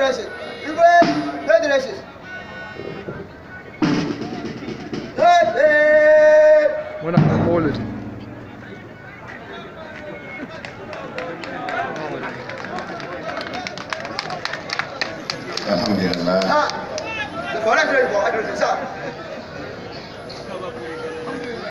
dresses. You wear red dresses. Muna